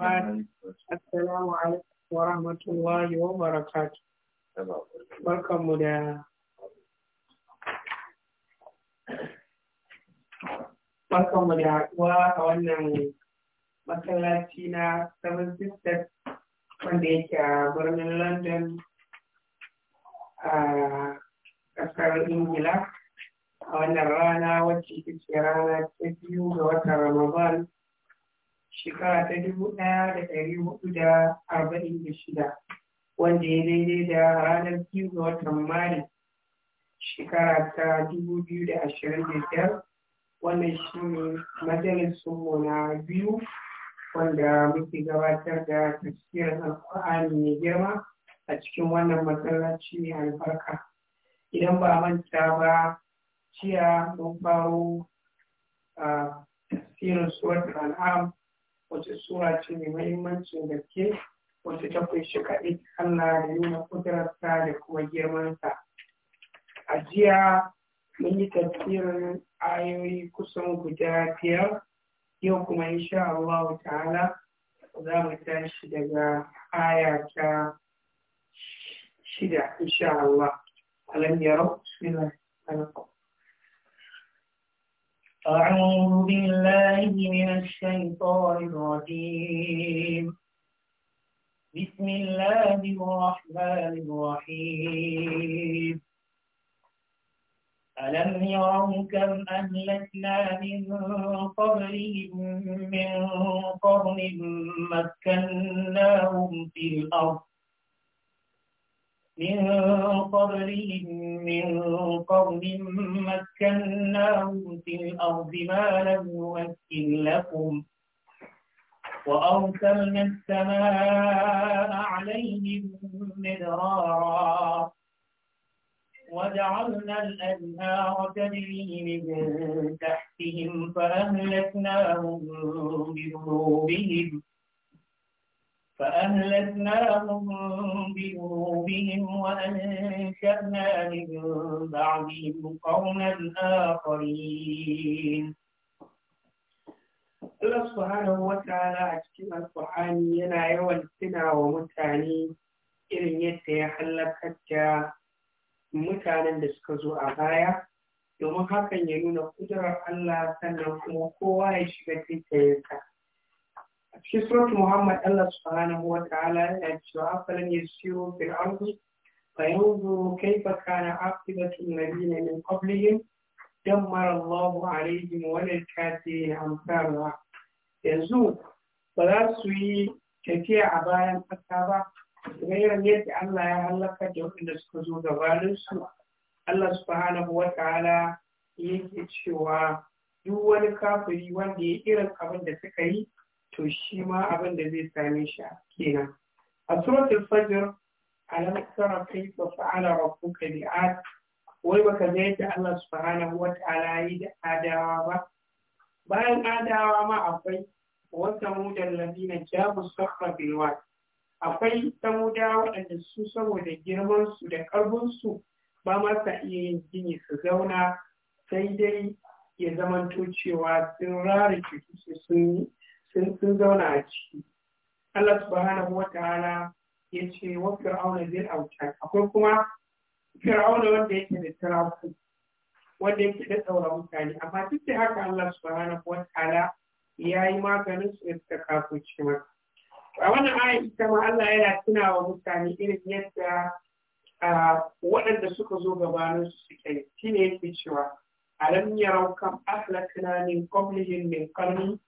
Assalamu alaikum wa rahmatullahi wa barakatu. Barkanmu da Barkanmu da haɗuwa a wannan masallaci na Seven Sisters wanda yake a birnin London a ƙasar Ingila a wannan rana wacce ita ce rana ta biyu ga watan Ramadan shekara ta dubu ɗaya da ɗari hudu da arba'in da shida wanda ya daidai da ranar biyu ga watan mari shekara ta dubu biyu da ashirin da biyar wannan shi ne majalisunmu na biyu wanda muke gabatar da tafsirin alkur'ani mai girma a cikin wannan masallaci mai albarka idan ba manta ba jiya mun faro a ah, tafsirin suwar al'am wace sura ce mai mahimmancin gaske wace ta kunshi kaɗi Allah da nuna kudurarsa da kuma girmansa. A jiya mun yi tafsirin ayoyi kusan guda biyar yau kuma insha Allah ta'ala za mu tashi daga aya ta shida insha Allah. Alam yarau bismillah. أعوذ بالله من الشيطان الرجيم بسم الله الرحمن الرحيم ألم يروا كم أهلكنا من قبلهم من قرن مكناهم في الأرض من قبلهم من قوم مكناهم في الأرض ما لم نمكن لكم وأرسلنا السماء عليهم مدرارا وجعلنا الأنهار تجري من تحتهم فأهلكناهم بذنوبهم فأهلكناهم بذنوبهم وأنشأنا من بعدهم قوما آخرين Allah subhanahu wa ta'ala a cikin alƙur'ani yana yawan tuna wa mutane irin yadda ya halakar da mutanen da suka zo a baya domin hakan ya nuna kudurar Allah sannan kuma kowa ya shiga taitayinsa. a cikin suratul muhammad Allah subhanahu wa ta'ala yana cewa afalan yasiru fil ardi فينظروا كيف كان عاقبة الذين من قبلهم دمر الله عليهم وللكافرين أمثالها yanzu ba za su yi tafiya a bayan ƙasa ba gairar yadda Allah ya halaka da waɗanda suka zo gabaninsu Allah subhanahu wa ta'ala yake cewa duk wani kafiri wanda ya irin abin da suka yi to shi ma abin da zai same shi a kenan a suratul fajr alam tara kayfa fa'ala rabbuka bi'ad wai baka ga yadda Allah subhanahu ta'ala yi da adawa ba bayan adawa ma akwai wata mudan ladina jabu sakhra bil wad akwai samudawa waɗanda su saboda girman su da ƙarfinsu ba ma sa iya yin gini su zauna sai dai ya zamanto cewa sun rara sun sun zauna a ciki Allah subhanahu wa ta'ala ya ce wa fir'auna zai auta akwai kuma fir'auna wanda yake da tarafu wanda yake da tsaura mutane amma duk da haka Allah subhanahu wa ta'ala ya yi maganin su da suka kafo a wannan aya ita ma Allah yana tunawa mutane irin yadda waɗanda suka zo gabanin su suke yi shine yake cewa alam yarau kam ahlakna min qablihim min qarni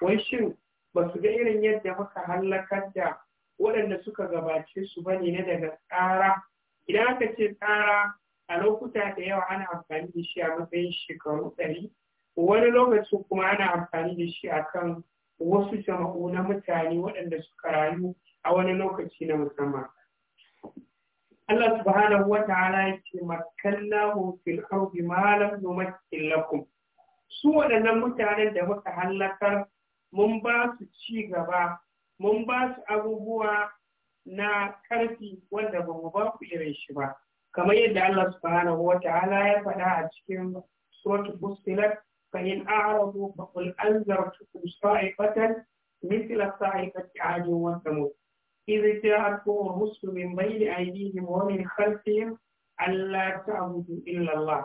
wai shin ba su ga irin yadda muka hallakar da waɗanda suka gabace su ba ne na daga tsara idan aka ce tsara a lokuta da yawa ana amfani da shi a matsayin shekaru ɗari wani lokaci kuma ana amfani da shi a kan wasu jama'u na mutane waɗanda suka rayu a wani lokaci na musamman Allah subhanahu wa ta'ala ya ce makallahu fil ardi ma lam lakum su waɗannan mutanen da muka hallakar mun ba su ci gaba mun ba su abubuwa na karfi wanda ba mu ba ku irin shi ba kamar yadda Allah subhanahu wa ta'ala ya faɗa a cikin suratul fussilat fa in a'radu fa qul anzartu sa'ifatan mithla sa'ifati 'adin wa thamud idh ja'atkum rusulun min bayni aydihim wa min khalfihim alla ta'budu illa Allah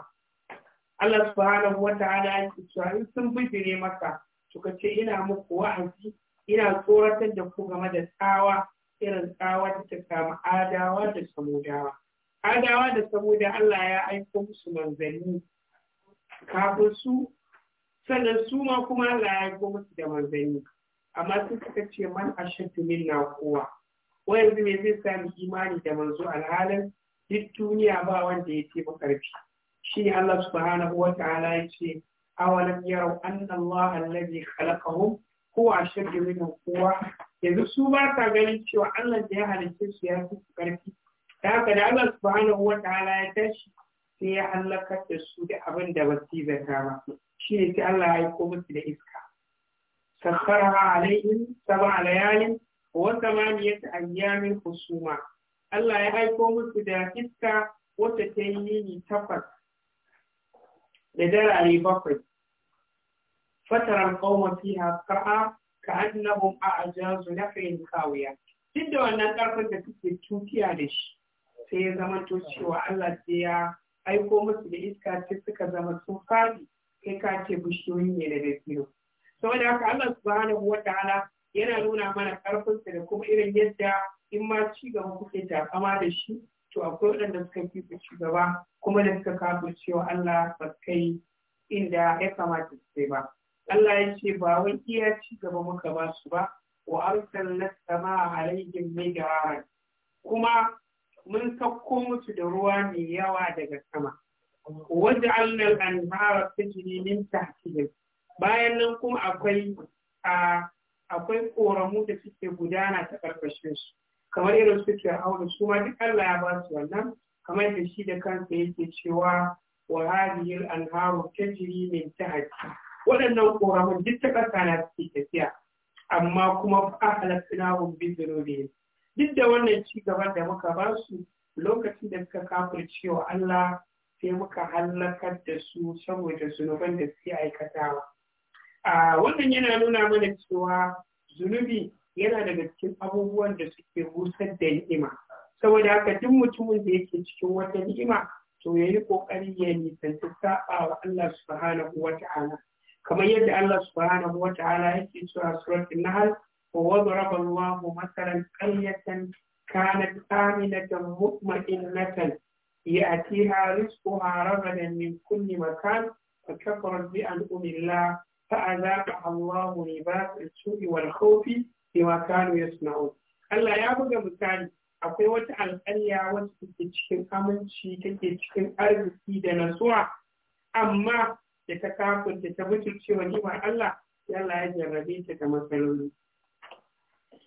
Allah subhanahu wa ta'ala ya ce sun bijire maka suka ce ina muku wa'azi ina tsoratar da ku game da tsawa irin tsawa da ta samu adawa da samudawa adawa da samuda Allah ya aiko musu manzanni kafin su sannan su ma kuma Allah ya aiko musu da manzanni amma sun suka ce man ashaddu minna kowa wayan yanzu me zai sami imani da manzo alhalin duk duniya ba wanda ya ba karfi shi Allah subhanahu wa ta'ala ya ce awalam annan anna Allah allazi khalaqahum huwa ashaddu minhum quwwa yanzu su ba ganin cewa Allah da ya halicce su ya fi su karfi da haka da Allah subhanahu wa ta'ala ya tashi sai ya halakar da su da abin da ba su zata ba shi ne sai Allah ya aiko musu da iska sakharaha alaihim sab'a layalin wa thamaniyat ayyamin husuma Allah ya aiko musu da iska wata ta yi yini takwas da darare bakwai فترى القوم فيها قرعا كأنهم أعجاز نخل خاوية duk da wannan ƙarfin da suke tukiya da shi sai ya zama to cewa Allah sai ya aiko musu da iska sai suka zama sun fadi kai ka ce bishiyoyi ne da dabino saboda haka Allah subhanahu wa yana nuna mana ƙarfinsa da kuma irin yadda in ma ci gaba kuke takama da shi to akwai waɗanda suka fi su ci gaba kuma da suka kafa cewa Allah ba kai inda ya kamata su ba. Allah ya ce ba wai iya ci gaba muka ba su ba wa na sama alaihim midraran kuma mun sauko musu da ruwa mai yawa daga sama waj'alna al-anhara tajri min tahtihim bayan nan kuma akwai a akwai koramu da suke gudana ta karkashin su kamar irin su fir'auna su ma duk Allah ya ba su wannan kamar da shi da kansa yake cewa wa hadhihi ta anharu tajri min waɗannan ƙoramun duk ta ƙasa na suke tafiya amma kuma a halattuna hun bin zunubi duk da wannan ci gaban da muka ba su lokacin da suka kafirce cewa Allah sai muka hallakar da su saboda zunuban da suke aikatawa a wannan yana nuna mana cewa zunubi yana daga cikin abubuwan da suke busar da ni'ima saboda haka duk mutumin da yake cikin wata ni'ima to ya yi ƙoƙari ya nisanci saɓa wa Allah subhanahu wa ta'ala كما يد الله سبحانه وتعالى في سورة النحل وضرب الله مثلا قرية كانت آمنة مطمئنة يأتيها رزقها رغدا من كل مكان فكفرت بأنعم الله فأذاقها الله لباس السوء والخوف بما كانوا يصنعون الله يا أبو مثال akwai wata alƙarya wacce take cikin aminci take cikin arziki da nasuwa amma da ta kafin ta ta butulcewa Allah ya Allah ya jarrabe ta da matsaloli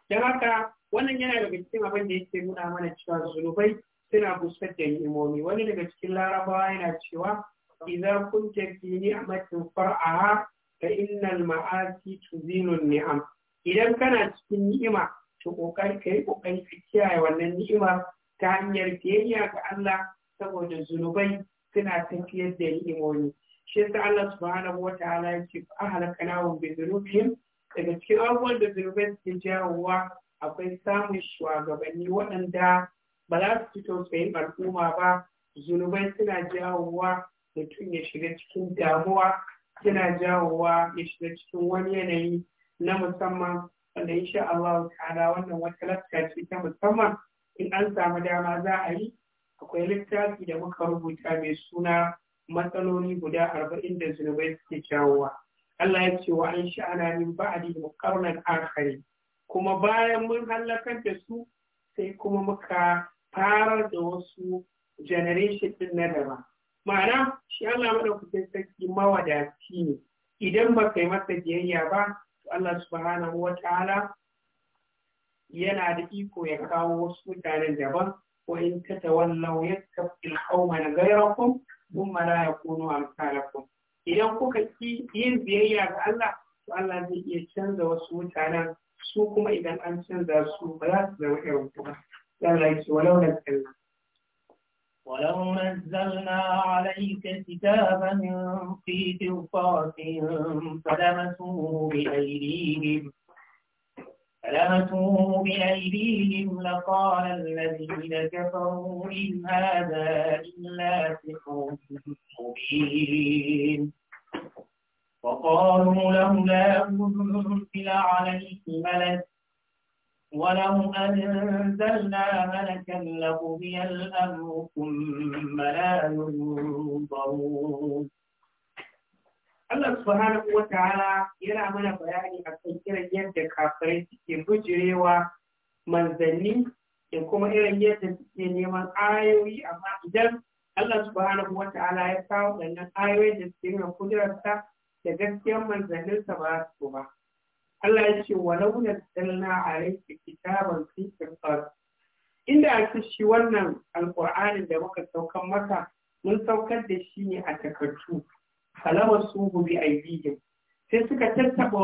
don haka wannan yana daga cikin abin da yake nuna mana cewa zunubai suna busar da ni'imomi wani daga cikin larabawa yana cewa idza kunta fi ni'matin far'aha fa innal ma'asi tuzinu ni'am idan kana cikin ni'ima to kokari kai kokari ka kiyaye wannan ni'ima ta hanyar biyayya ga Allah saboda zunubai suna tafiyar da ni'imomi shi yasa Allah subhanahu wa ta'ala yake ahalaka nahum bi dhunubihim daga cikin abubuwan da zunubai suke jawowa akwai samun shugabanni waɗanda ba za su fito al'umma ba zunubai suna jawowa mutum ya shiga cikin damuwa suna jawowa ya shiga cikin wani yanayi na musamman wanda insha Allah ta'ala wannan wata lafiya ce ta musamman in an samu dama za a yi akwai littafi da muka rubuta mai suna matsaloli guda arba'in da zunubai suke jawowa Allah ya ce wa an sha'ana min ba'di muqarnan akhari kuma bayan mun hallakar da su sai kuma muka farar da wasu generation din na daba ma'ana shi Allah kuke sarki mawadaci ne idan ba kai masa biyayya ba to Allah subhanahu ta'ala yana da iko ya kawo wasu mutanen daban wa in lauyan yastafi al-qawma ghayrakum mumma la yakunu amsalakum idan kuka ki yin biyayya ga Allah to Allah zai iya canza wasu mutanen su kuma idan an canza su ba za su zama irin ku ba Allah ya shi walau nazzalna ولو نزلنا عليك كتابا في ترقات فلمسوه بأيديهم فلمتوه بأيديهم لقال الذين كفروا إن هذا إلا سحر مبين وقالوا لولا أنزل عليه ملك ولو أنزلنا ملكا لقضي الأمر ثم لا ينظرون Allah subhanahu wa ta'ala yana mana bayani akan irin yadda kafirai suke bujirewa manzanni da kuma irin yadda suke neman ayoyi amma idan Allah subhanahu wa ta'ala ya kawo wannan ayoyi da suke kudurarsa da gaskiyar manzanninsa ba su ba. Allah ya ce wa launa tsalna a rai kitaban fitin Inda a shi wannan alƙur'anin da muka saukan maka mun saukar da shi ne a takardu halawar su bi aidihim sai suka tattaba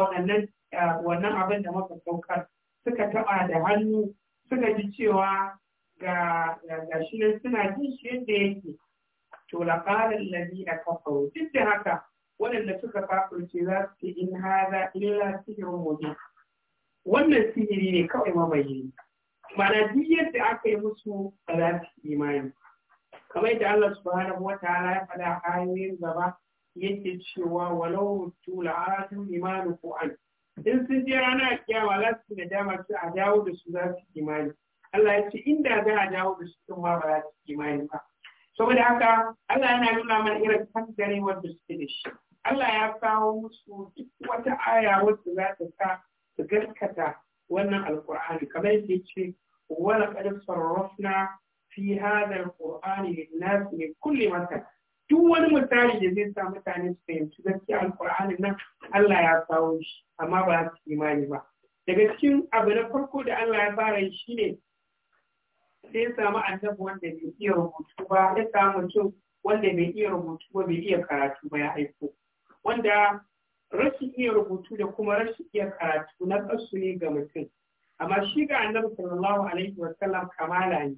wannan abin da muka saukar suka taɓa da hannu suka ji cewa ga shi suna jin shi yadda yake to laƙarar lalina kafaru duk da haka waɗanda suka kafirce za su ce in haza illa sihirin mubin wannan sihiri ne kawai Ba mana duk yadda aka yi musu ba za su imani kamar yadda Allah subhanahu wa ta'ala ya faɗa a ayoyin gaba yake cewa walau tula aratun imanu ko an in sun je rana kiyama za su da dama su a dawo da su za su imani Allah ya ce inda za a dawo da su sun ma ba za su imani ba saboda haka Allah yana nuna mana irin tangare wanda suke da shi Allah ya kawo musu duk wata aya wanda za ta sa su gaskata wannan alkur'ani kamar yadda ya ce wala qad sarrafna fi hadha alqur'ani lin-nas min kulli duk wani misali da zai sa mutane su fahimci gaskiya alkur'ani nan Allah ya kawo shi amma ba su imani ba daga cikin abu na farko da Allah ya fara yi shine sai ya samu annabi wanda bai iya rubutu ba ya samu mutum wanda bai iya rubutu ba bai iya karatu ba ya aiko wanda rashin iya rubutu da kuma rashin iya karatu na kasu ne ga mutum amma shi ga annabi sallallahu alaihi wa sallam kamala ne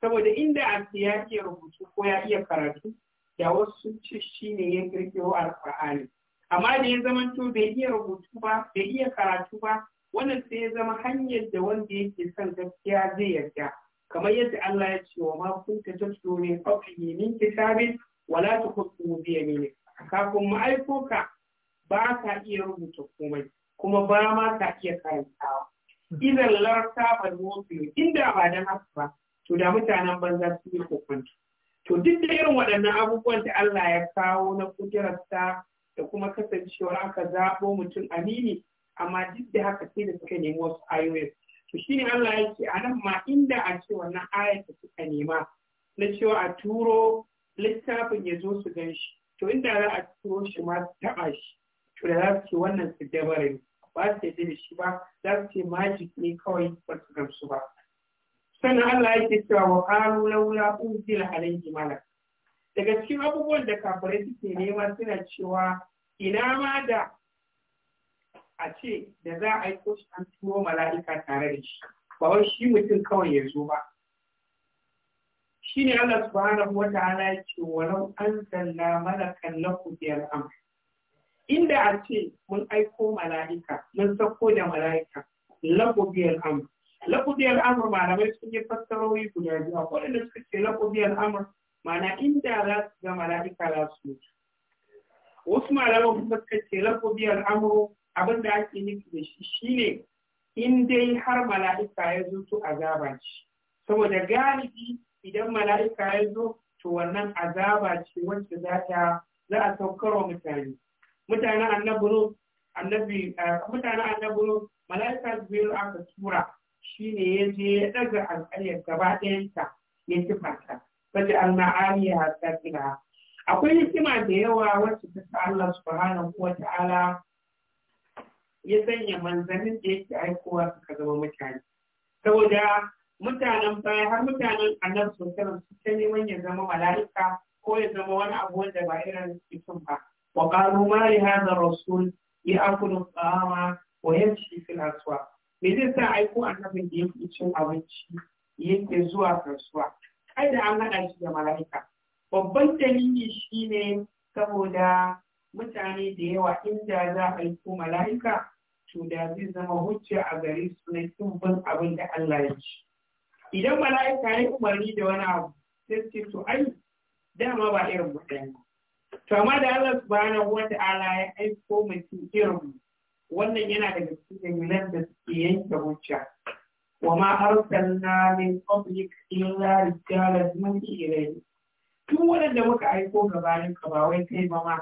saboda inda a ya iya rubutu ko ya iya karatu da wasu sun shi ne ya kirkiro alkur'ani amma da ya zama to bai iya rubutu ba bai iya karatu ba wannan sai ya zama hanyar da wanda yake son gaskiya zai yarda kamar yadda Allah ya ce wa ma ta tatlu ne qablihi min kitabin wala ta tukhtu biya ne. kafin mu aiko ba ka iya rubuta komai kuma ba ma ka iya karantawa idan larta ba zo inda ba da haka ba to da mutanen banza su yi kokunta to duk da irin waɗannan abubuwan da Allah ya kawo na kujerarsa da kuma kasancewar aka zaɓo mutum amini amma duk da haka sai da suka nemi wasu ayoyin to shine Allah ya ce a nan ma inda a ce wannan ayar da suka nema na cewa a turo littafin ya zo su gan shi to inda za a turo shi ma su taɓa shi to da za su ce wannan su dabara ba su yadda da shi ba za su ce majik ne kawai ba su gamsu ba sannan Allah yake cewa wa qalu laula unzila alayhi malak daga cikin abubuwan da kafirai suke nema suna cewa ina ma da a ce da za a yi shi an turo mala'ika tare da shi ba wai shi mutum kawai ya zo ba shi ne Allah subhanahu wa ta'ala ya ce walau an zalla malakan lahu bi inda a ce mun aiko mala'ika mun sako da mala'ika lahu bi lafuzi al'amur malamai sun yi fassarori guda biyu akwai da suka ce lafuzi al'amur ma'ana inda za su ga mala'ika za su mutu wasu malaman kuma suka ce lafuzi al'amur abin da ake nufi da shi shine in dai har mala'ika ya zo to azaba ce saboda galibi idan mala'ika ya zo to wannan azaba ce wacce za ta za a saukar wa mutane mutanen annabi eh, mutanen annabi mala'ika aka tura shi ne ya je ya ɗaga alƙaryar gaba ɗayanta ya ci fata. fata alma'ali ya hasa kira akwai hikima da yawa wacce ta sa Allah subhanahu wa ta'ala ya sanya manzanin da yake aikowa ka zama mutane saboda mutanen baya har mutanen annan sosai su ta neman ya zama mala'ika ko ya zama wani abu wanda ba irin mutum ba wa qalu ma li hadha rasul ya at-ta'ama wa yamshi fil me zai sa aiko annabin da fi cin abinci yake zuwa kasuwa kai da an haɗa shi da mala'ika babban dalili ne saboda mutane da yawa inda za a aiko mala'ika to da zai zama hujja a gare su na kimbin abin da Allah ya ci idan mala'ika ya umarni da wani abu sai ce to ai dama ba irin mutane to amma da Allah subhanahu wata'ala ya aiko mutum irin wannan yana daga cikin nan da suke yanke hujja wa ma arsalna min qablik illa rijalan min ilayhi wannan waɗanda muka aiko gabanin ka ba wai kai ba ma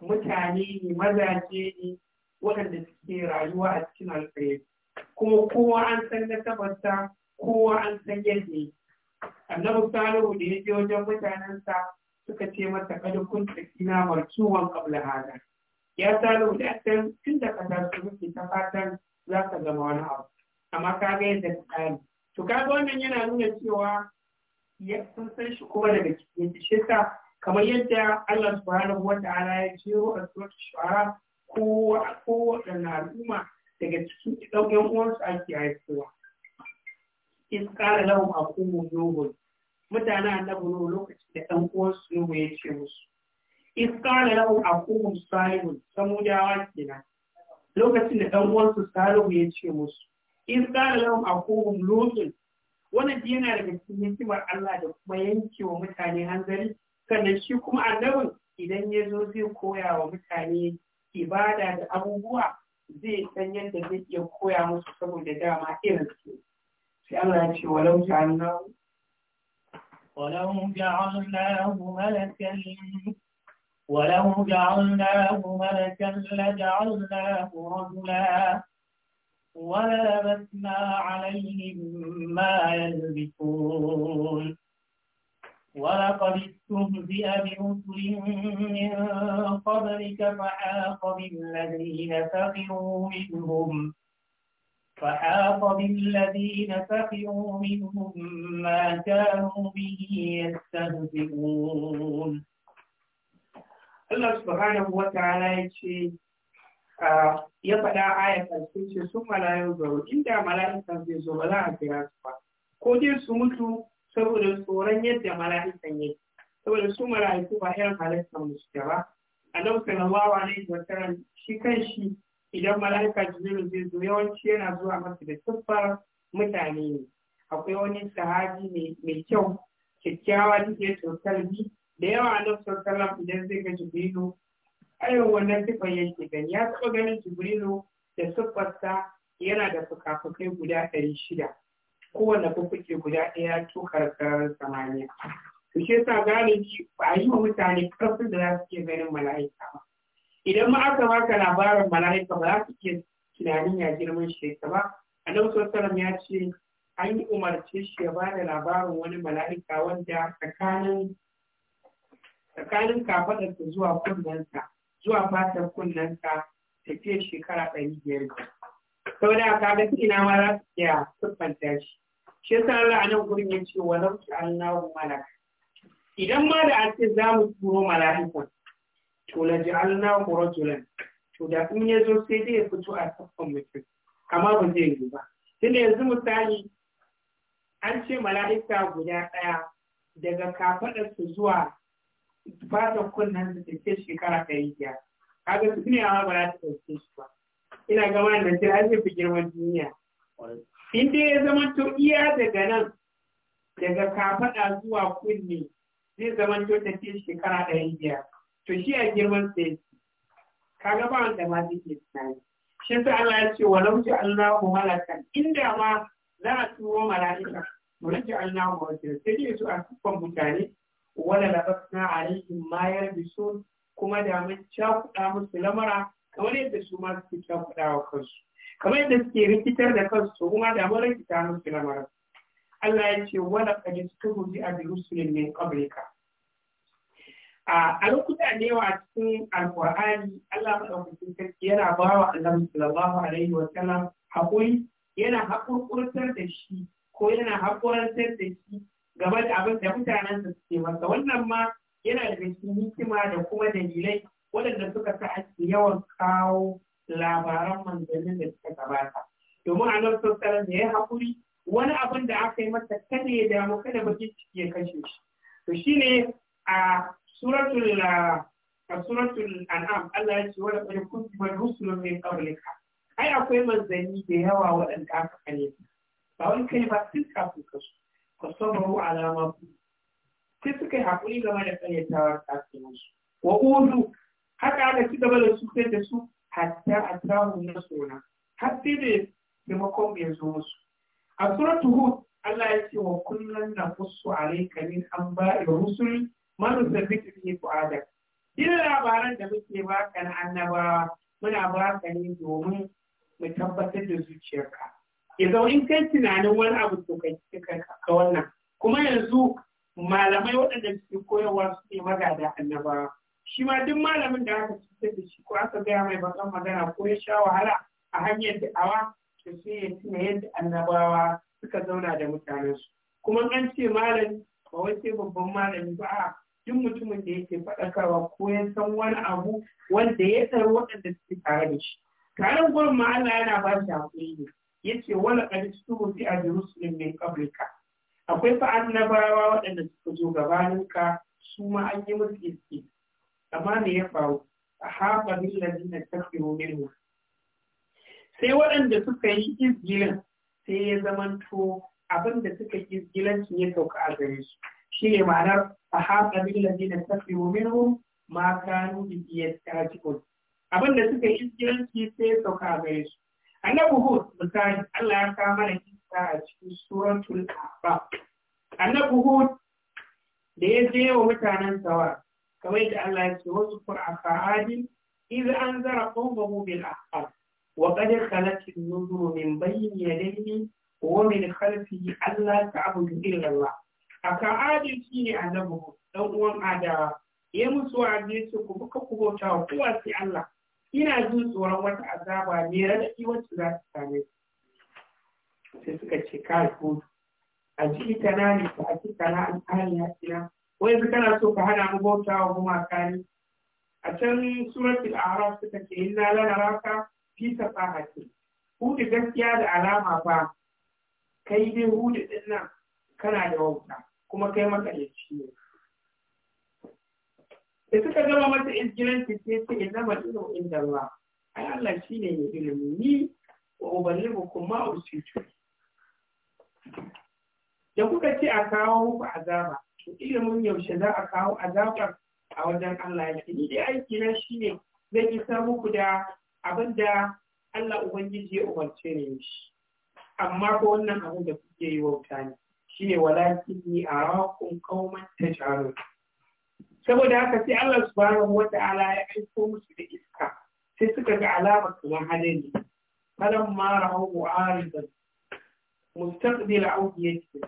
mutane ne mazaje ne waɗanda suke rayuwa a cikin alkhairi kuma kowa an san na tabbata kowa an san yadda yi annabi salihu da ya je wajen mutanensa suka ce mata kada kun tafi na marcuwan kabla hada ya tsaro da ɗan tun da ka su rufe ta fatan za ka zama wani abu amma ka ga yadda ka tsari to ka ga wannan yana nuna cewa ya sun san shi kuma daga cikin shi sa kamar yadda Allah subhanahu wa ta'ala ya wa a suratul shu'ara ko ko al'umma daga cikin ɗan ƴan uwansu ake haifuwa in ƙara lahum aqumu nuhun mutanen annabi lokacin da ɗan uwansu nuhu ya ce musu iskala lahu aqum sahibun samudawa kenan lokacin da ɗan uwansu salihu ya ce musu iskala a aqum lutun wannan yana daga cikin hikimar Allah da kuma yanke wa mutane hanzari sannan shi kuma annabin idan ya zo zai koya wa mutane ibada da abubuwa zai san yadda zai iya koya musu saboda dama irin su sai Allah ya ce walau ja'alnahu ولو جعلناه ملكا ولو جعلناه ملكا لجعلناه رجلا ولبسنا عليهم ما يلبسون ولقد استهزئ برسل من قبلك فحاق بالذين سخروا منهم فحاق بالذين سخروا منهم ما كانوا به يستهزئون Allah subhanahu wa ta'ala ya ce ya faɗa ayatan sun ce sun malayan zaro inda mala'ikan zai zo ba za a kira su ba ko dai su mutu saboda tsoron yadda mala'ikan yake saboda su mala'iku ba yan halittar musu da ba a lokacin wawa ne da shi kan shi idan mala'ika jibiru zai zo yawanci yana zuwa masa da siffar mutane ne akwai wani sahabi mai kyau kyakkyawa da ke biyu. da yawa na sallam idan zai ga jibrilu ayon wannan tufan yake gani ya taɓa ganin jibrilu da siffarsa yana da fukafukai guda ɗari shida kowane fukuke guda ɗaya tukar karkarar samaniya to shi yasa galibi ba a yi wa mutane ƙarfin da za su iya ganin mala'ika ba idan ma aka baka labarin mala'ika ba za su iya tunanin ya girman shi ba annabi ya ce an yi umarce shi ya ba da labarin wani mala'ika wanda tsakanin tsakanin kafaɗarsa zuwa kunnensa zuwa fatar kunnensa fiye shekara ɗari biyar sau da aka ga ina ma za su iya siffanta shi shi yasa Allah a nan gurin ya ce wa lam ta'alnahu malak idan ma da an ce za mu turo mala'ika to la ja'alnahu rajulan to da in ya zo sai dai ya fito a siffan mutum amma ba zai yi ba tunda yanzu misali an ce mala'ika guda ɗaya daga kafaɗarsa zuwa fatan da ta ce shekara ta yi ya kaga su ne ma ba za ta ɗauke shi ba ina ga wannan sai an fi girman duniya in dai ya zama to iya daga nan daga kafaɗa zuwa kunne zai zama to tafiye shekara da biyar to shi a girman sai kaga ba wanda ma zai ke tunani shi sa Allah ya ce walau ji Allahu malakan inda ma za a turo mala'ika walau ji Allahu malakan sai dai su a kuffan mutane wala rikin mayar da su, kuma da mun cakuɗa musu lamara kamar yadda su ma suke cakuɗa wa kansu kamar yadda suke rikitar da kansu kuma da mun rikita musu lamara Allah ya ce wala qad istuhzi bi rusulin min qablika a lokuta da wa a cikin alkur'ani Allah madaukakin sarki yana ba wa Allah sallallahu alaihi wa sallam haƙuri yana haƙurƙurtar da shi ko yana haƙurantar da shi Gaba da abin da mutanen su suke masa wannan ma yana da cikin hikima da kuma dalilai waɗanda suka sa ake yawan kawo labaran manzannin da suka gabata domin a nan sosai da ya haƙuri wani abin da aka yi masa kada ya damu kada bakin ciki ya kashe shi to shine a suratul a suratul an'am Allah ya ce wa laqad kuntum rusul min qablika ai akwai manzanni da yawa waɗanda aka kare ba wani kai ba duk kafin kasu fasabaru ala ma sai suka yi haƙuri game da tsayyatawar tasirin wa udu haka aka ci gaba da su sai da su hatta a samu na har sai da taimakon bai zo musu a suratu hud Allah ya ce wa kullun na fusu alayka an anba'i rusul ma ne ku fu'adak Ina labaran da muke baka na annabawa muna baka ne domin mu tabbatar da zuciyarka ya zama in kai tunanin wani abu to kai ka wannan kuma yanzu malamai waɗanda suke koyarwa su ne magada annabawa shi ma duk malamin da aka cutar da shi ko aka gaya mai bakan magana ko ya sha wahala a hanyar da awa, to sai ya tuna yadda annabawa suka zauna da mutanensu kuma an ce malam ba wai sai babban malami ba a duk mutumin da yake faɗakarwa ko ya san wani abu wanda ya tsaro waɗanda suke tare da shi Karin gurin Allah yana ba shi hakuri ne yace wala qad tubu fi abi rusulin min qablika akwai fa annabawa waɗanda suka zo ka su ma an yi musu iski amma me ya faru a haɓa min ladina takfiru minhu sai waɗanda suka yi izgilan sai ya zamanto abin da suka yi izgilancin ya sauka a gare su shi ne ma'anar a haɓa min ladina takfiru minhu ma kanu bi iya tajikun abin da suka yi izgilanci sai ya sauka a gare su Ana hud misali Allah ya kawo mana kisa a cikin suratun kaba annabi hud da ya je wa mutanen sawa kamar yadda Allah ya ce wasu qur'a hadi Iza an zara qawmuhu bil ahqaf wa qad khalat min nuzuru min bayni yadayhi wa min khalfihi alla ta'budu illa Allah aka adi shi ne annabi hud dan uwan adawa ya musu a ce ku buka ku bauta ku Allah ina jin tsoron wata azaba ne raɗaɗi wacce za ta same su sai suka ce kai ko a jiki na ne ta na alƙali ya kina wai su kana so ka hana mu bauta wa gumaka ne a can suratul a'raf suka ce inna lana raka fi safahati hudu gaskiya da alama ba kai dai hudu din nan kana da wauta kuma kai maka ne da suka zama mata izgilanci sai su inna zama ilmu inda Allah ai Allah shi ne mai ilimi ni wa kuma ma usitu da kuka ce a kawo muku azaba to ilimin yaushe za a kawo azaba a wajen Allah ya ni dai aiki na ne zai isa muku da abin da Allah ubangiji ya umarce ne shi amma ko wannan abin da kuke yi wauta ne shine walakin ni arakum ta tajhalun saboda haka sai Allah subhanahu ta'ala ya aiko musu da iska sai suka ga alama kamar ne falan ma rahu aridan mustaqbil awdiyati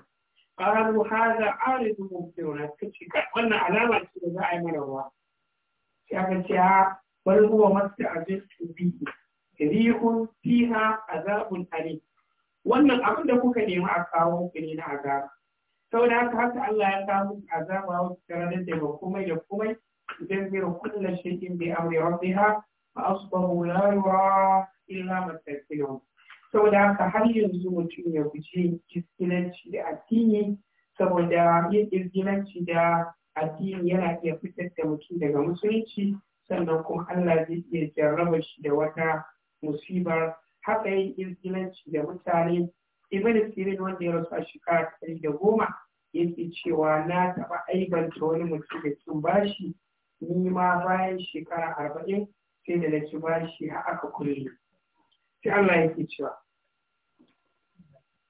qalu hadha arid mumtiruna kace wannan alama ce da za a yi mana ruwa sai aka ce ha bal huwa masta'ajistu bi rihun fiha azabun alim wannan abin da kuka nemi a kawo ku ne na azaba saboda haka haka Allah ya kawo musu azaba wasu ranar da ba kuma da kuma idan zai kulla shekin bai ha rabbiha fa asbahu la yura illa Sau saboda haka har yanzu mutum ya guji kiskinanci da addini saboda yin kiskinanci da addini yana iya fitar da mutum daga musulunci sannan kuma Allah zai iya jarraba shi da wata musibar haka yin kiskinanci da mutane ibn sirin wanda ya rasu a shekara ta da goma yake cewa na taɓa aibanta wani mutum da cin bashi ni ma bayan shekara arba'in sai da na bashi a aka kulle sai Allah yake cewa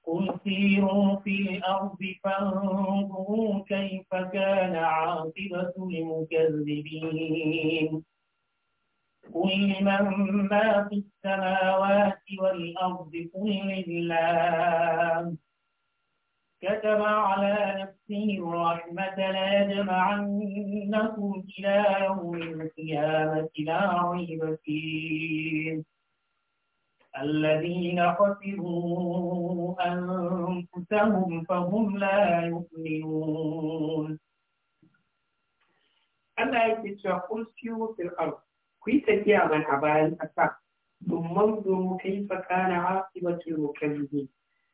قل سيروا في الأرض فانظروا كيف كان عاقبة المكذبين قل لمن ما في السماوات والأرض قل لله كتب على نفسه الرحمة لا يجمعنكم إلى يوم القيامة لا ريب فيه الذين خسروا أنفسهم فهم لا يؤمنون Allah yake cewa kun siyo fil ard ku yi tafiya man a bayan ƙasa domin domin kai fa kana akibatul mukazzibin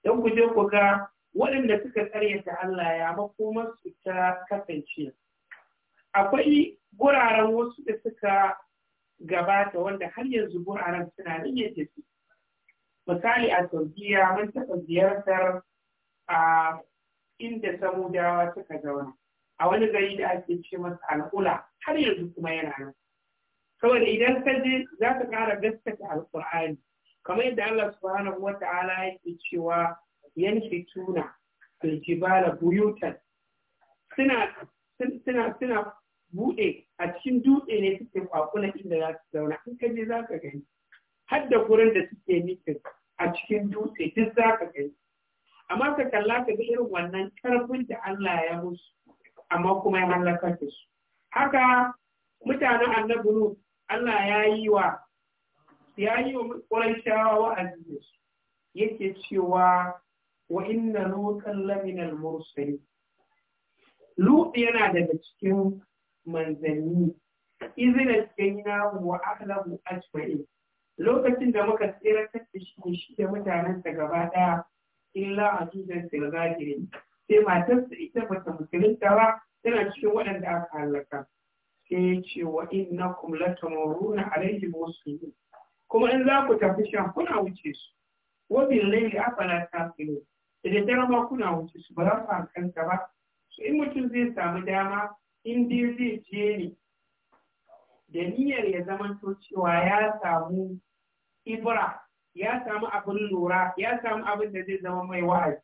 don ku je ku ga waɗanda suka tsaryata Allah ya makomarsu ta kasance akwai guraren wasu da suka gabata wanda har yanzu guraren suna nan ya tafi. misali a saudiya mun taɓa ziyartar a inda samudawa suka zauna a wani gari da ake ce masa al'ula har yanzu kuma yana nan saboda idan ka je za ka ƙara gaskata alƙur'ani kamar yadda Allah subhanahu wa ta'ala yake cewa tuna fil jibala buyutan suna suna suna bude a cikin dutse ne suke kwakuna inda za su zauna in ka je za ka gani har da gurin da suke mitin a cikin dutse duk za ka gani amma ka kalla ka ga irin wannan karfin da Allah ya musu amma kuma ya mallaka da su haka mutanen annabi Allah ya yi wa ya yi wa ƙwarai wa'azi da su yake cewa wainna inna lutan laminal mursali yana daga cikin manzanni izina kaina wa ahlabu lokacin da muka tsira da shi shi da mutanen ta gaba daya illa azizan tilgajiri sai matarsa ita bata musulunta ba tana cikin waɗanda aka halaka sai ya ce wa inna kum latamuruna wasu muslimin kuma in za ku tafi shan kuna wuce su wa bil layli afala taqilu da daddare ma kuna wuce su ba za su hankalta ba su in mutum zai samu dama in dai zai je ne da niyyar ya to cewa ya samu ibra ya samu abin lura ya samu abin da zai zama mai wa'azi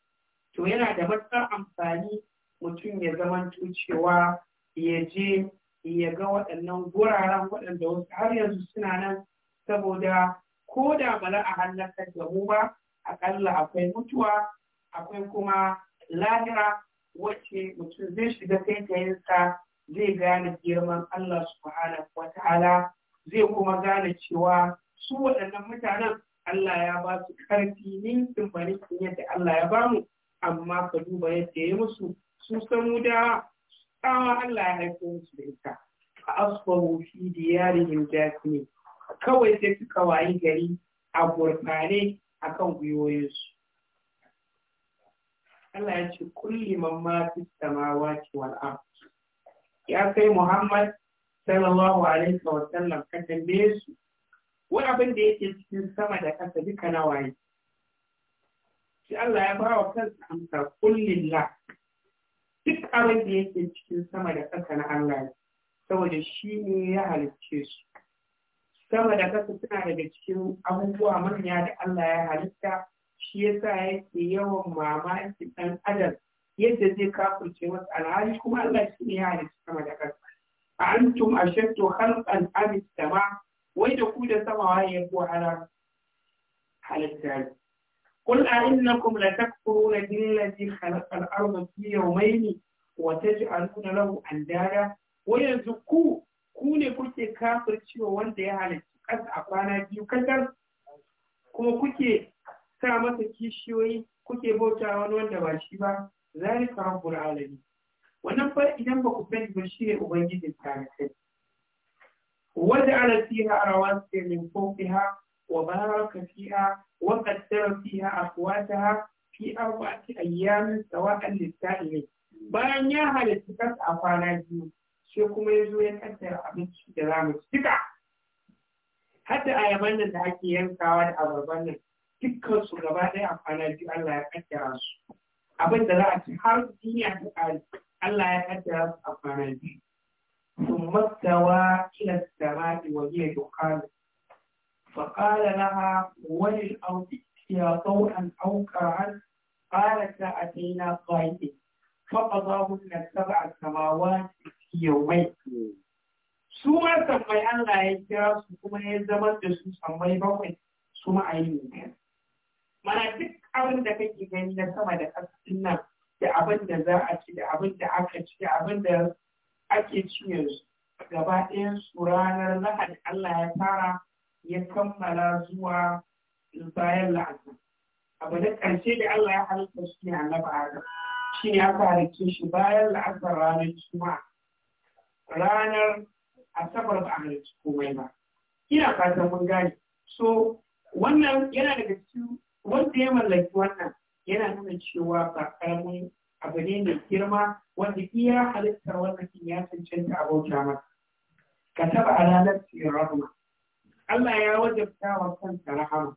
to yana da matsar amfani mutum ya zama to cewa ya je ya ga waɗannan guraren waɗanda wasu har yanzu suna nan saboda ko da ba a hallakar da mu ba akalla akwai mutuwa akwai kuma lahira wacce mutum zai shiga taitayinsa zai gane girman Allah subhanahu wa ta'ala zai kuma gane cewa su waɗannan mutanen Allah ya ba su ƙarfi ninkin bari yadda Allah ya ba mu amma ka duba yadda ya musu su samu da tsawa Allah ya haifo musu da ita a asfahu fi diyarihim jasmin kawai sai suka wayi gari a gurfane akan gwiwoyinsu Allah ya ce kulli man ma fi samawati wal ard ya kai Muhammad sallallahu alaihi wa sallam ka tambaye su wani abin da yake cikin sama da ƙasa duka na waye shi Allah ya bawa kansa amsa la duk abin da yake cikin sama da ƙasa na Allah ne saboda shi ne ya halicce su sama da ƙasa suna daga cikin abubuwa manya da Allah ya halitta shi ya sa ya ke yawan mamaki ɗan adam yadda zai kafirce masa alhali kuma Allah shi ne ya halitta sama da ƙasa a antum ashaddu abin da ma wai da ku da sama waye ya wahala halitta قل أئنكم لتكفرون بالذي ji a nuna يومين an dada. Wai yanzu ku ne kuke kafir wanda ya halarci ƙasa a kwana biyu kasar kuma kuke sa masa kishiyoyi kuke bauta wani wanda ba shi ba zalika rabbul alamin wannan fa idan ba ku fahimci ba shi ne ubangijin tarihi wanda ala fiha arawatin min fawqiha wa baraka fiha wa qaddara fiha aqwataha fi arba'ati ayyamin sawa'an lis-sa'imin bayan ya halitta kas a kwana biyu sai kuma ya zo ya kaddara abinci da za mu cika hatta ayaban nan da ake yankawa da abarban nan dukkan su gaba ɗaya a biyu Allah ya kaddara su abin da za a ci har duniya ta ƙari Allah ya kaddara su a kwana biyu sun mastawa ila samadi wa hiya duqan fa qala laha wal awdi ya taw'an aw qa'an qalat la فقضاهن سبع سماوات في يومين su ma sammai Allah ya kira su kuma ya zama da su sammai bakwai su mana duk abin da kake gani na sama da ƙasin nan da abin da za a ci da abin da aka ci da abin da ake ci yanzu gaba ɗayan su ranar lahadi Allah ya fara ya kammala zuwa bayan la'asa abu da ƙarshe da Allah ya halitta shi ne annabi Adam shi ne aka halitta shi bayan la'asar ranar juma ranar asabar ba a halitta komai ba ina fatan mun gane so wannan yana daga cikin wanda ya mallaki wannan yana nuna cewa ba karamin abu ne mai girma wanda iya halittar wannan ya cancanta a bauta masa ka taba alalar rahama Allah ya wajabta wa kanta rahama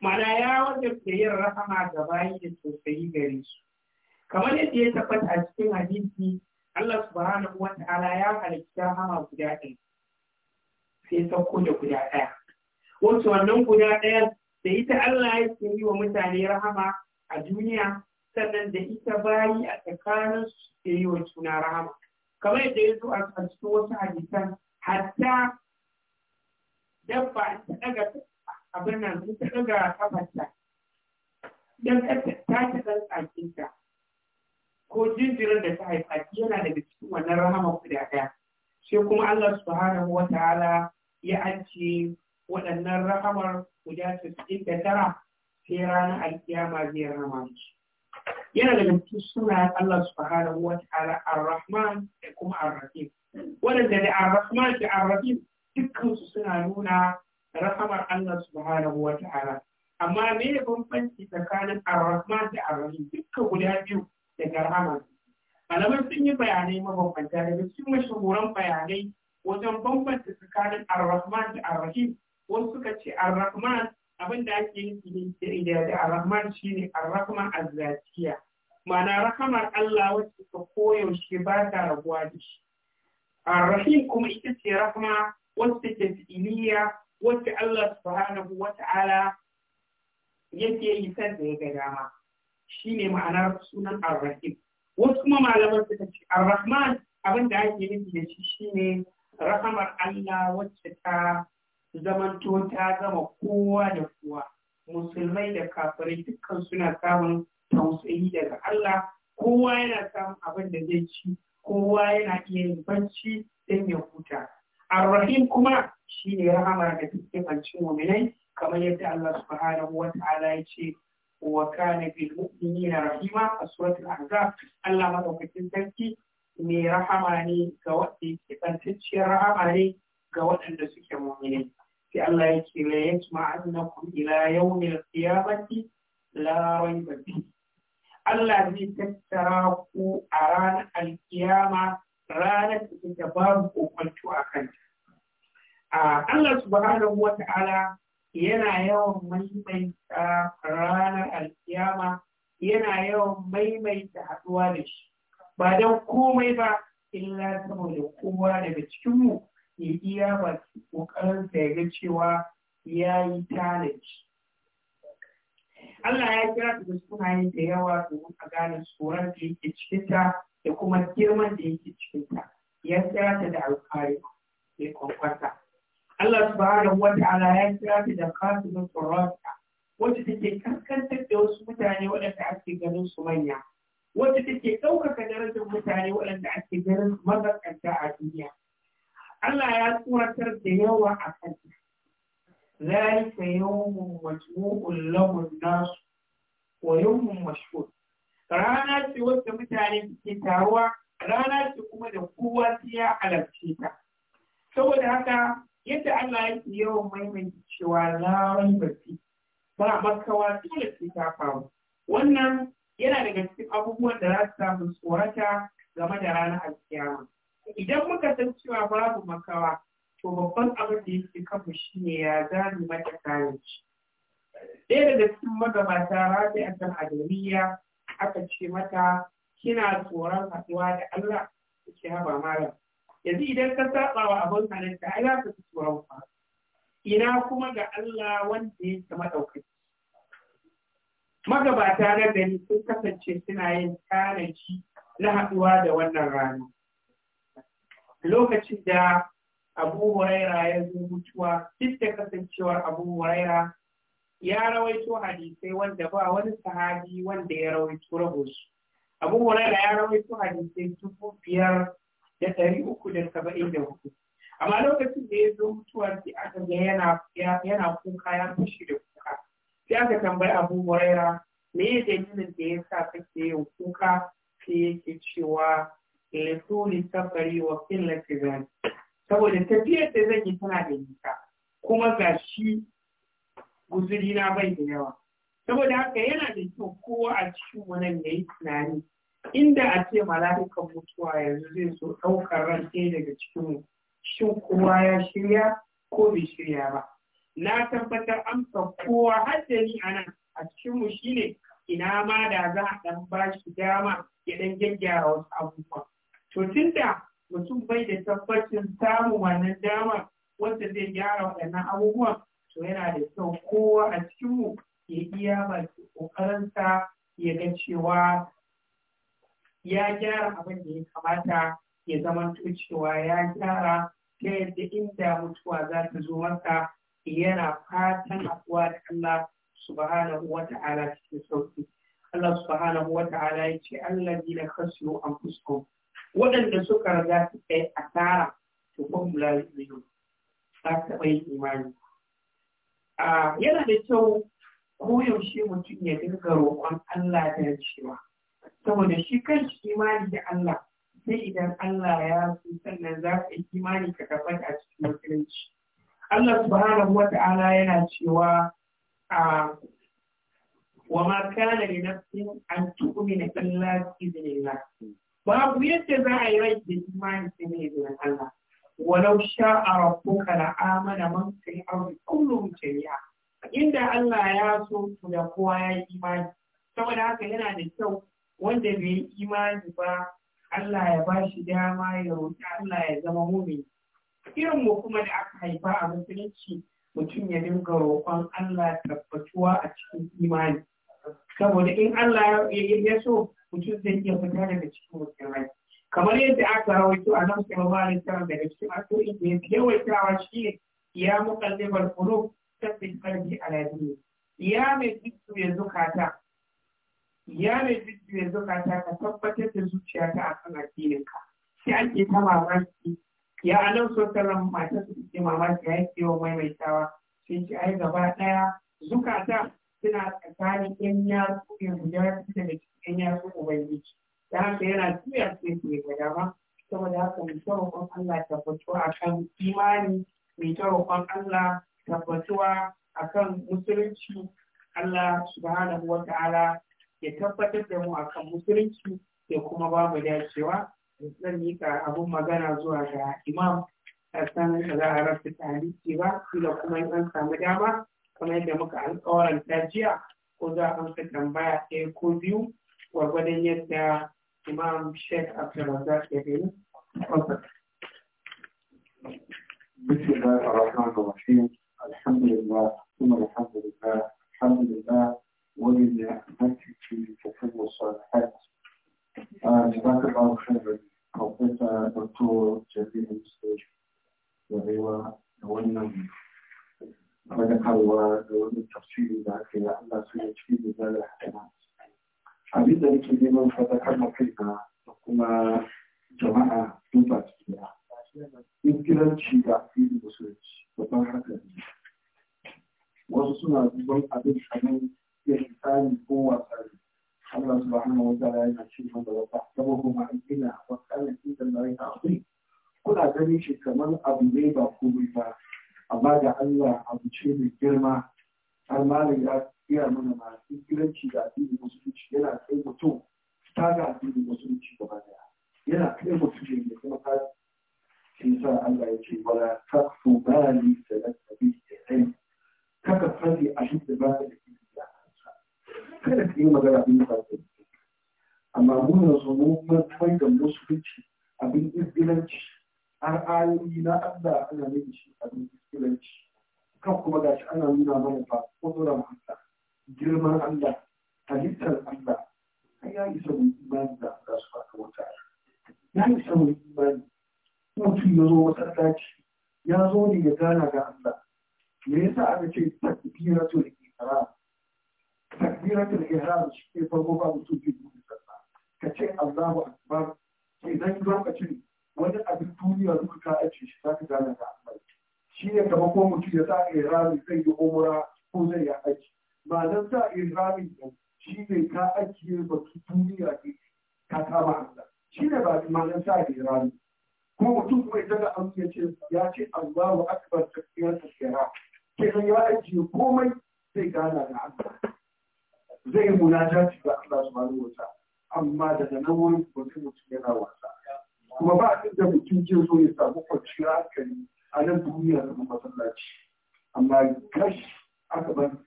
ma'ana ya wajabta yin rahama ga bayi da sosai gare su kamar yadda ya tabbata a cikin hadisi Allah subhanahu wa ta'ala ya halicci rahama guda ɗaya sai sauko da guda ɗaya wato wannan guda ɗaya da ita Allah yake yi wa mutane rahama a duniya sannan da ita bayi a tsakanin su ke yi wa juna rahama kamar yadda ya zo a cikin wasu hadisan hatta dabba ta daga abin nan ta daga kafarta dan ta ta dan tsakinta ko jinjirin da ta haifa yana daga cikin wannan rahama guda daya sai kuma Allah subhanahu wataala ya ajiye waɗannan rahamar guda casa'in da tara sai ranar alkiyama zai rama shi yana daga cikin sunayen Allah subhanahu wa ta'ala ar-Rahman da kuma ar-Rahim waɗanda da ar-Rahman da ar-Rahim dukkansu suna nuna rahamar Allah subhanahu wa ta'ala amma me ya bambanci tsakanin ar-Rahman da ar-Rahim dukkan guda biyu daga rahama malaman sun yi bayanai mabambanta daga cikin mashahuran bayanai wajen bambanta tsakanin ar-Rahman da ar-Rahim wasu suka ce ar abin da ake yi da da ar-rahman shine ar-rahma ma'ana rahamar Allah wacce ta koyaushe ba ta rabuwa da shi ar-rahim kuma ita ce rahma wacce ke fi'iliya wacce Allah subhanahu ala yake yi san da ya ga dama Shi ne ma'anar sunan ar-rahim wasu kuma malaman suka ce ar abin da ake nufi da shi shine rahamar Allah wacce ta zamanto ta gama kowa da kowa musulmai da kafirai dukkan suna samun tausayi daga Allah kowa yana samun abin da zai ci kowa yana iya yin banci don ya huta arrahim kuma shi ne rahama da cikin bacci muminai kamar yadda Allah subhanahu wa ta'ala ya ce wa kana bil mu'minina rahima a suratul ahzab Allah madaukakin sarki mai rahama ne ga wanda yake rahama ne ga waɗanda suke muminai sai Allah ya ce la yajma'annakum ila yawmil qiyamati la rayba fi Allah zai tattara ku a ranar alkiyama ranar da take babu kokonto a kanta Allah subhanahu wa ta'ala yana yawan maimaita ranar alkiyama yana yawan maimaita haɗuwa da shi ba don komai ba illa saboda kowa daga cikinmu ya iya baki ƙoƙarinsa ya ga cewa ya yi tanaji. Allah ya kira ta da sunaye da yawa domin a gane tsoron da yake cikinta da kuma girman da yake cikinta. Ya kira ta da alƙari mai kwankwasa. Allah subhanahu wa ta'ala ya kira ta da kasuwar tsoronta wacce take kankantar da wasu mutane waɗanda ake ganin su manya. Wacce take ɗaukaka darajar mutane waɗanda ake ganin mazakanta a duniya. Allah ya tsoratar da yawa a kan zalika yawmun majmu'un lahun nasu wa yawmun mashhur rana ce wacce mutane ke taruwa rana ce kuma da kowa sai ya halarce ta saboda haka yadda Allah ya yake yawan maimaita cewa lawan barci ba ba makawa dole sai ta faru wannan yana daga cikin abubuwan da za su samu tsorata game da ranar alkiyama idan muka san cewa babu makawa to babban abin da yake kafa shi ne ya zami mata kayan shi ɗaya daga cikin magabata rafi a kan adamiya aka ce mata kina tsoron haɗuwa da Allah ke haba malam yanzu idan ka saba wa abin halitta ai za ka fi tsoron fa ina kuma ga Allah wanda ya sama ɗaukaki magabata na gani sun kasance suna yin tanaji na haɗuwa da wannan rana lokacin da abu huraira ya zo mutuwa duk da kasancewar abu huraira ya rawaito hadisai wanda ba wani sahabi wanda ya rawaito rabo su abu huraira ya rawaito hadisai dubu biyar da ɗari uku da saba'in da hudu amma lokacin da ya zo mutuwa sai aka ga yana kuka ya fushi da kuka sai aka tambayi abu huraira me ya dalilin da ya sa kake yin kuka sai yake cewa lisuni safari wa qillati zani saboda tafiyar da zan yi tana da nisa kuma ga shi guzuri na bai da yawa saboda haka yana da kyau kowa a cikin nan ya yi tunani inda a ce mala'ikan mutuwa yanzu zai so ɗauka ran daga cikin shin kowa ya shirya ko bai shirya ba na tabbatar amsa kowa har da ni a nan a cikin shine ina ma da za a ɗan ba shi dama ya ɗan gyaggyara wasu abubuwa To da mutum bai da tabbacin samun wannan dama wanda zai gyara waɗannan abubuwan to yana da kyau kowa a cikinmu ya iya baki ƙoƙarinsa ya ga cewa ya gyara abin da ya kamata ya zama cewa ya gyara ta yadda inda mutuwa za ta zo masa yana fatan afuwa da Allah subhanahu wa ta'ala cikin sauki. Allah subhanahu wa ta'ala ya ce Allah ne da kasu an waɗanda suka raga su kai asara to ko mu lafi zuyo za A taɓa yin imani yana da kyau koyaushe mutum ya dinga roƙon Allah da cewa saboda shi kan shi imani da Allah sai idan Allah ya su sannan za ka yi imani ka tabbata a cikin musulunci Allah subhanahu wa ta'ala yana cewa a wa ma kana li nafsin an tu'mina illa bi idhnillah babu yadda za a yi rage da imani sai ne da Allah walau sha'a rabbuka la amana man fil ardi kullu jami'a inda Allah ya so to da kowa ya yi imani saboda haka yana da kyau wanda bai imani ba Allah ya ba shi dama ya roƙi Allah ya zama mumin. irin mu kuma da aka haifa a musulunci mutum ya dinga roƙon Allah tabbatuwa a cikin imani saboda in Allah ya so mutum zai iya fita daga cikin musulmai kamar yadda aka rawaito a nan sallallahu alaihi wasallam daga cikin addu'o'i da yake shi ne ya kuro, ta fi qalbi a dini ya mai jujjuya zukata ya mai jujjuya zukata ka tabbatar da zuciya ta akan addininka sai ake ta mamaki ya anan nan alaihi wasallam matar su ke mamaki ya yi kewa maimaitawa sai ce ai gaba ɗaya zukata suna tsakanin yan yatsu ne guda da daga yan yatsu ubangiji da haka yana juya su ne ga dama saboda haka mai ta roƙon Allah tabbatuwa akan imani mai ta Allah tabbatuwa akan musulunci Allah subhanahu wa ta'ala ya tabbatar da mu akan musulunci ya kuma ba mu dacewa zan yi ka abun magana zuwa ga imam a sanar da za a rasa tarihi ba kila kuma yi an samu dama kamar yadda muka alƙawaran jiya ko za a amsa tambaya ɗaya ko biyu gwargwadon yadda imam sheikh abdulrazak ya bi بسم الله الرحمن الرحيم الحمد لله ثم الحمد لله الحمد لله ولنعمته تتم الصالحات جزاك الله خيرا قضيت دكتور جميل المستشفى da wannan مدخلوا والتفصيل ذاك لا سيجفيد ذلك حبيبنا الكريم فتكلم فيها وكما جماعة دوبات فيها يمكن أن تشيع في المسلمين وطرحة وصلنا بضم أبن حمين إحسان قوة الله سبحانه وتعالى أن تشيع من تحسبه معينا وكان عند الله عظيم كل عدمي شكرا أبو ليبا كوبي amma da Allah abu ce mai girma har malam ya tsira mana masu kiranci da wasu musulunci yana kai mutum ta ga wasu musulunci gaba daya yana kai mutum ne kuma ta shi sa Allah ya ce wala takfu bali salatu bi ilm kaka fadi a shi da ba da ilimi da kansa kada ka yi magana abin da ba da amma mun yanzu mun mai da musulunci abin izgilanci har ayoyi na Allah ana nuna shi a musulunci kan kuma gashi ana nuna mana ba kudurar Allah girman Allah halittar Allah har ya isa mu imani da Allah su fata wata ya isa mu imani mutum ya zo wata masallaci ya zo ne ya gana ga Allah me yasa aka ce takbiratul ihram takbiratul ihram shi ne farko ba mutum ke gudu sallah ka ce Allahu akbar sai dan lokacin wani abin duniya zuwa ka ajiye shi zaka gane ka amfani shi ne kamar ko mutum ya sa irami zai yi umura ko zai yi aji nan sa irami ne shi ne ka ajiye batu duniya ne ka kama Allah shi ne ba nan sa irami ko mutum kuma ya daga an ya ce ya ce Allahu akbar ta takbira ke nan ya ajiye komai zai gana da Allah zai yi munajaci ga Allah subhanahu wa ta'ala amma daga nan wurin ba zai mutum yana wasa kuma ba duk da mutum ke so ya samu kwanciyar hankali a nan duniya da masallaci amma gashi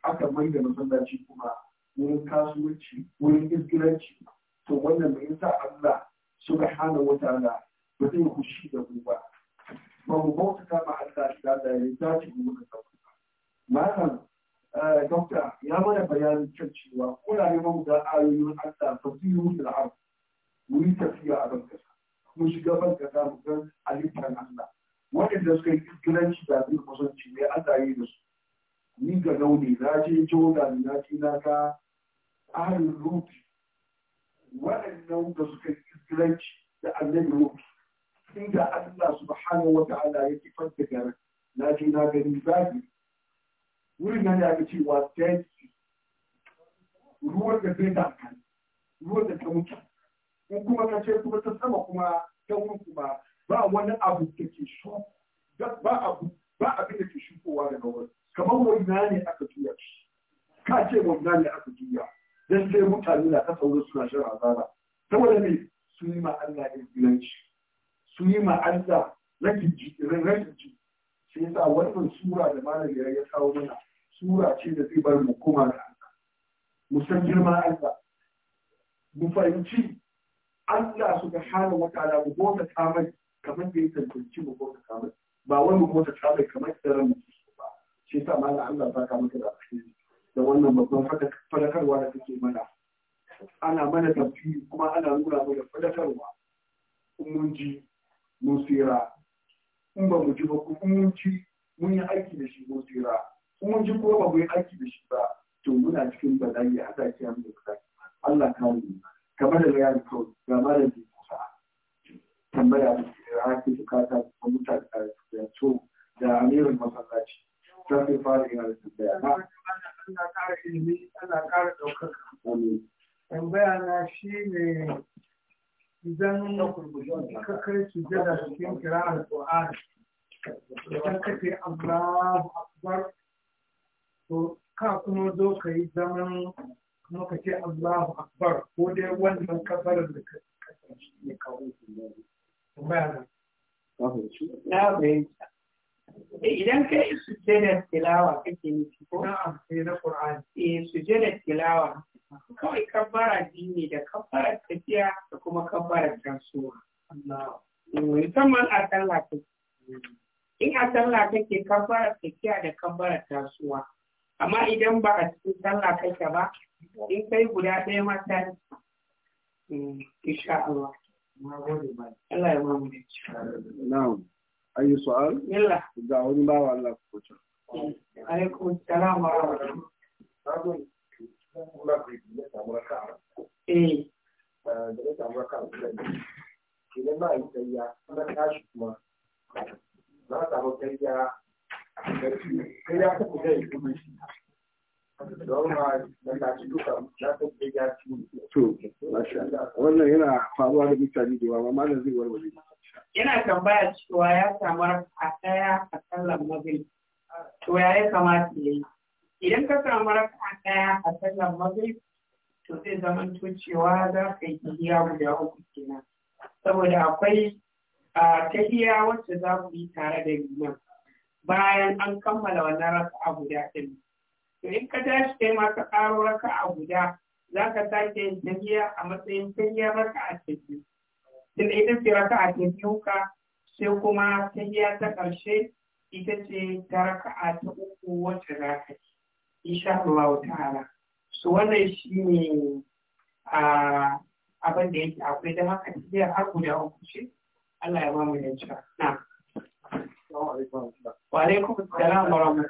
aka mai da masallaci kuma wurin kasuwanci wurin izgiranci to wannan mai yasa Allah suka wata ta'ala ba zai kushi da mu ba ba mu bauta ma Allah da ya zaci mu da sauki malam eh, dokta ya mana bayanin kan cewa ko ne mu da ayoyin Allah fa su yi da da mu yi tafiya a ban mu shiga banka za mutum halittar Allah waɗanda suka yi kiranci da zai kusanci mai Allah yi da su ni ga gauni na je Jordan na ce na ka tsarin Rufi waɗannan da suka yi kiranci da annabi Rufi ga Allah subhanahu wa ta'ala ya kifar da gara na ce na gani zagi wurin nan ya ga cewa yi ruwan da zai da ruwan da ta mutu in kuma ka ce kuma ta sama kuma ta wurin kuma ba wani abu da ke shu ba abu ba abin da ke shukowa daga wurin kamar waina ne aka juya shi ka ce waina ne aka juya dan sai mutane na ta saurin suna shan azaba saboda ne sun yi ma Allah ibilanci sun yi ma Allah rakin ji rakin ji sai yasa wannan sura da malam ya kawo mana sura ce da zai bar mu kuma da mu san girman Allah mu fahimci Allah subhanahu wa ta'ala mu bota tsamai kamar da ya tantance mu bota tsamai. ba wani mu bota tsamai kamar da ran mu ba shi yasa mallan Allah ka maka da alheri da wannan babban fadakarwa da kake mana ana mana tafi kuma ana nuna mana fadakarwa in mun ji mun tsira in ba mu ji ba kuma mun ji mun yi aiki da shi mun tsira in mun ji kuma ba mu yi aiki da shi ba to muna cikin bala'i a da kiyan da Allah ka mu game da bayan to ga malam bi kusa tambaya da ake bukata mutane da su da amirin masallaci ta su fara yin da ba ana ƙara ilimi ana ƙara ɗaukar tambaya na shi ne idan ka kai su jada cikin kira da idan ka ce akbar to ka kuma zo ka yi zaman kuma ka ce Allahu Akbar ko dai wannan kafar da ka shi ne kawo tambaya na fahimta eh, idan ka yi sujjadar tilawa kake nufi ko na'am sai eh, na Qur'ani eh sujjadar tilawa kawai kabbara biyu ne da kabbarar tafiya da kuma kabbarar tansuwa eh, musamman a sallah kake in a sallah kake kabbarar tafiya da kabbarar tansuwa amma idan ba a cikin sallah kake ba in kai guda ɗaya mata mm, insha Allah Allah ya mamu da ci na'am ayi su'al yalla ga wani bawa Allah ku kuce mm, alaikum salam wa rahmatullah eh da ya samu raka a kusa idan ba a yi tsayya na tashi kuma za a samu tsayya tsayya ta kusa kuma shi wannan yana faruwa da mutane da yawa, malam zai warware. Yana tambaya cewa ya samu a ɗaya a sallan magrib. To ya ya kamata ya yi? Idan ka samu a ɗaya a sallan magrib, to zai zama to cewa za ka yi da guda uku kenan. Saboda akwai tahiya wacce za ku yi tare da liman. Bayan an kammala wannan a guda ɗin. to in ka tashi kai ma ka ƙaro raka a guda za ka sake yin tahiya a matsayin tahiya raka a cikin tun ita ce raka a cikin ka sai kuma tahiya ta ƙarshe ita ce ta raka a ta uku wacce za ka yi insha Allah ta'ala su wannan shi ne abin da yake akwai da haka tahiyar har guda uku ce Allah ya ba mu yanci na. Wa alaikum salam wa rahmatullahi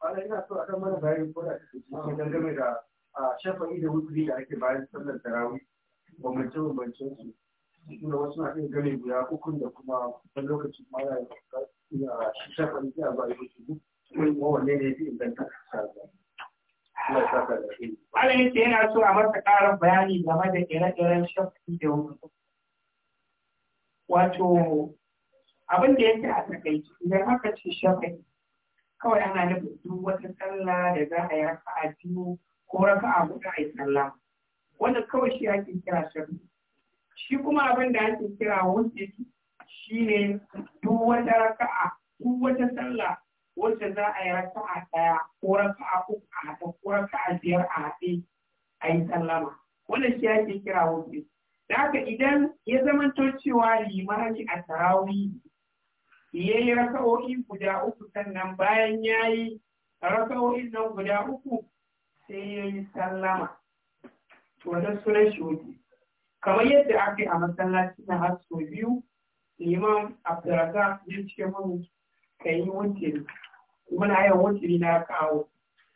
ana ina so a kan mana bayan ko da cikin dangane da shafa'i da wuturi da ake bayan sallar tarawih bambance bambancen su kuma wasu na kan gane guda ukun da kuma wani lokaci kuma ya iya shafa'i da ba a yi wuturi kuma wanne ne fi inganta kasa Malamin ta yana so a masa ƙarin bayani game da ƙere-ƙeren shafi da wuri. Wato, abin da yake a takaici idan aka ce shafi kawai ana nufin duk wata sallah da za a yi raka'a biyu ko raka'a huɗu a yi sallah wannan kawai shi ake kira shafi shi kuma abin da ake kira wuce shi ne duk wata raka'a duk wata sallah wacce za a yi raka'a ɗaya ko raka'a uku a haɗe ko raka'a biyar a haɗe a yi sallama wannan shi ake kira wuce da haka idan ya to cewa limani a tarawih ya yi raka'o'in guda uku sannan bayan ya yi raka'o'in nan guda uku sai ya yi sallama wannan sunan shi kamar yadda aka yi a masallaci na hasso biyu imam abdurrazak ya ce mun ka yi wuntiri muna yi wuntiri na kawo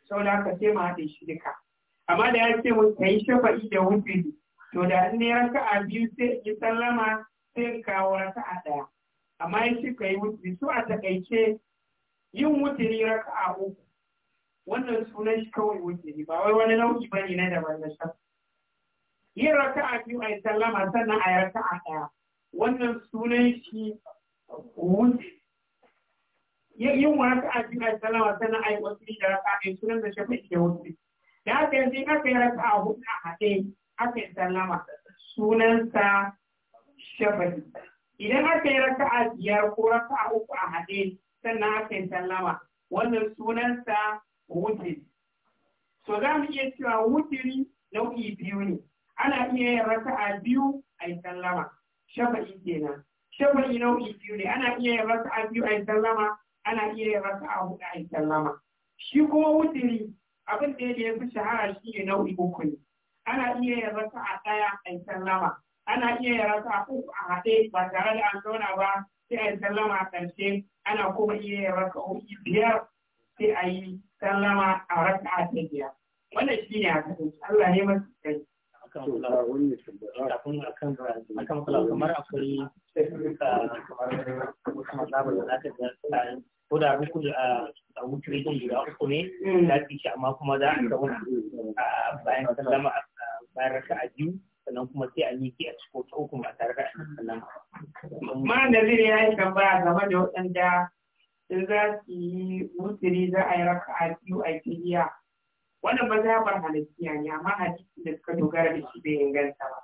sau da aka ce ma haɗe shi duka amma da ya ce mun ka yi shafa'i da wuntiri to da ne raka'a biyu sai yi sallama sai kawo raka'a ɗaya amma ya ce ka yi wuturi su a takaice yin wuturi raka a uku wannan sunan shi kawai wuturi ba wai wani nau'i ba ne na daban na shan yin raka a biyu a yi sallama sannan a yi raka a ɗaya wannan sunan shi wuturi yin raka a biyu a yi sallama sannan a yi wuturi da raka a yi sunan da shafi ke wuturi da ce yanzu in aka yi raka a hudu a haɗe aka yi sallama sunansa shafa'i idan aka yi raka'a biyar ko raka'a uku a haɗe sannan aka yi sallama wannan sunansa wutiri so za mu iya cewa wutiri nau'i biyu ne ana iya yin raka'a biyu a yi sallama shafa'i kenan shafa'i nau'i biyu ne ana iya yin raka'a biyu a yi sallama ana iya yin raka'a huɗu a yi sallama shi kuma wutiri abin da ya fi shahara shi ne nau'i uku ne ana iya yin raka'a ɗaya a yi sallama ana iya yara ta uku a haɗe ba tare da an zauna ba sai a yi sallama a ƙarshe ana kuma iya yara ta uku biyar sai a yi sallama a raka a ta biyar wannan shi ne a kasance Allah ne masu kai. Kafin akan akan kula kamar akwai kamar labar da zaka ga ko da ruku a wuce din guda uku ne mm. za su ci amma kuma za a ga wani bayan sallama a bayan raka a biyu sannan kuma sai a miki a ciko ta uku ba tare da sallama. Ma Nazir ya yi tambaya game da waɗanda in za su yi mutiri za a yi raka a biyu a filiya. Wannan ba za bar halittiya ne amma hadisi da suka dogara da shi bai inganta ba.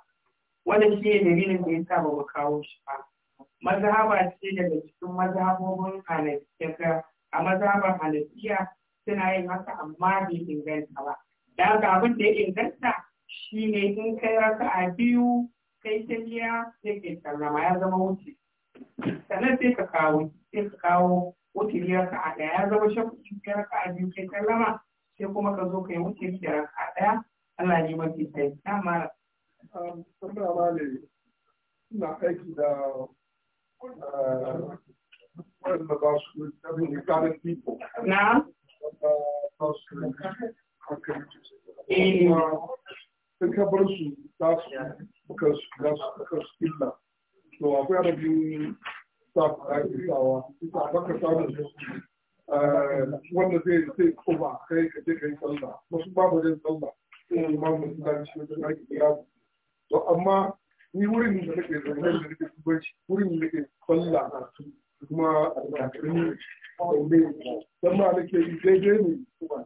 Wannan shi ne dalilin da ya sa ba mu kawo shi ba. Mazhaba ce daga cikin mazhabobin halittiya a mazhabar halittiya suna yin haka amma bai inganta ba. Da ga abin da ya inganta shine in kai raka a biyu kai ta biya sai kai sallama ya zama wuce sannan sai ka kawo sai ka kawo raka a ɗaya ya zama raka a biyu kai sallama sai kuma ka zo ka yi wutiri raka a ɗaya Allah ne mafi sai na mara. ma ne ina aiki da eh, wanda ba su da karin people. Na? Ba su in ka bar su za su kan su illa to akwai adadin staff a isawa isa baka samun su wanda zai zai kuma kai ka je kai sallah wasu babu zai sallah ko ma mutum da shi wajen ake yawo to amma ni wurin da nake zaune da nake kubanci wurin da nake sallah na su kuma a da karin da ne dan ma nake daidai ne kuma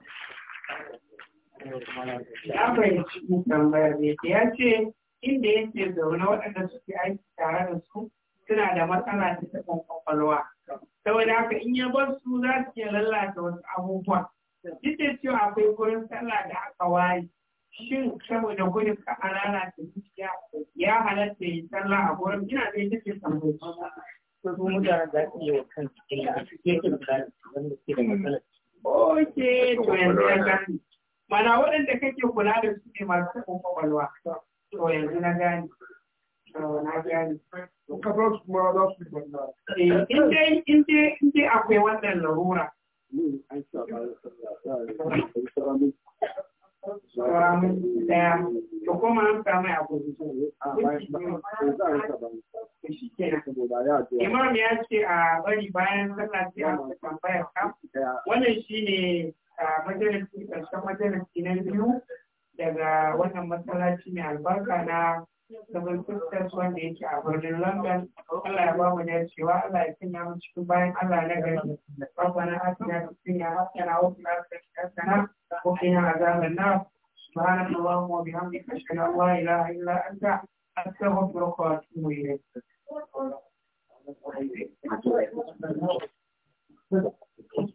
Ya fahimci tambayar da ya ce inda yake zaune waɗanda suke aiki tare da su suna da matsala ta taɓin kwakwalwa. Saboda haka in ya bar su za su iya lalata wasu abubuwa. Duk da cewa akwai gurin sallah da aka waye. Shin saboda gudun ka a lalata zuciya ya halatta yi sallah a gurin ina da ita ce tambayi. Ko su mutane za su yi wa kansu illa a cikin da wanda ke da matsala. Oke, to yanzu ya gani. mana waɗanda kake kula da su ne masu taɓin kwakwalwa to yanzu na gane na gane kasar su kuma za su yi eh, in dai in dai akwai wannan larura Samun ɗaya, da kuma an samu a Imam ya ce a bari bayan sallah sai a tambaya ka. Wannan shi ne a majalisi ƙarshen majalisi na biyu daga wannan masallaci mai albarka na Seven Sisters wanda yake a birnin London. Allah ya ba mu cewa, Allah ya sanya mu cikin bayan Allah na gari. Rabbana atina fid dunya hasana wa fil akhirati hasana wa qina azaban nar. سبحانك اللهم وبحمدك أشهد أن لا إله إلا أنت أستغفرك وأتوب إليك. Thank you.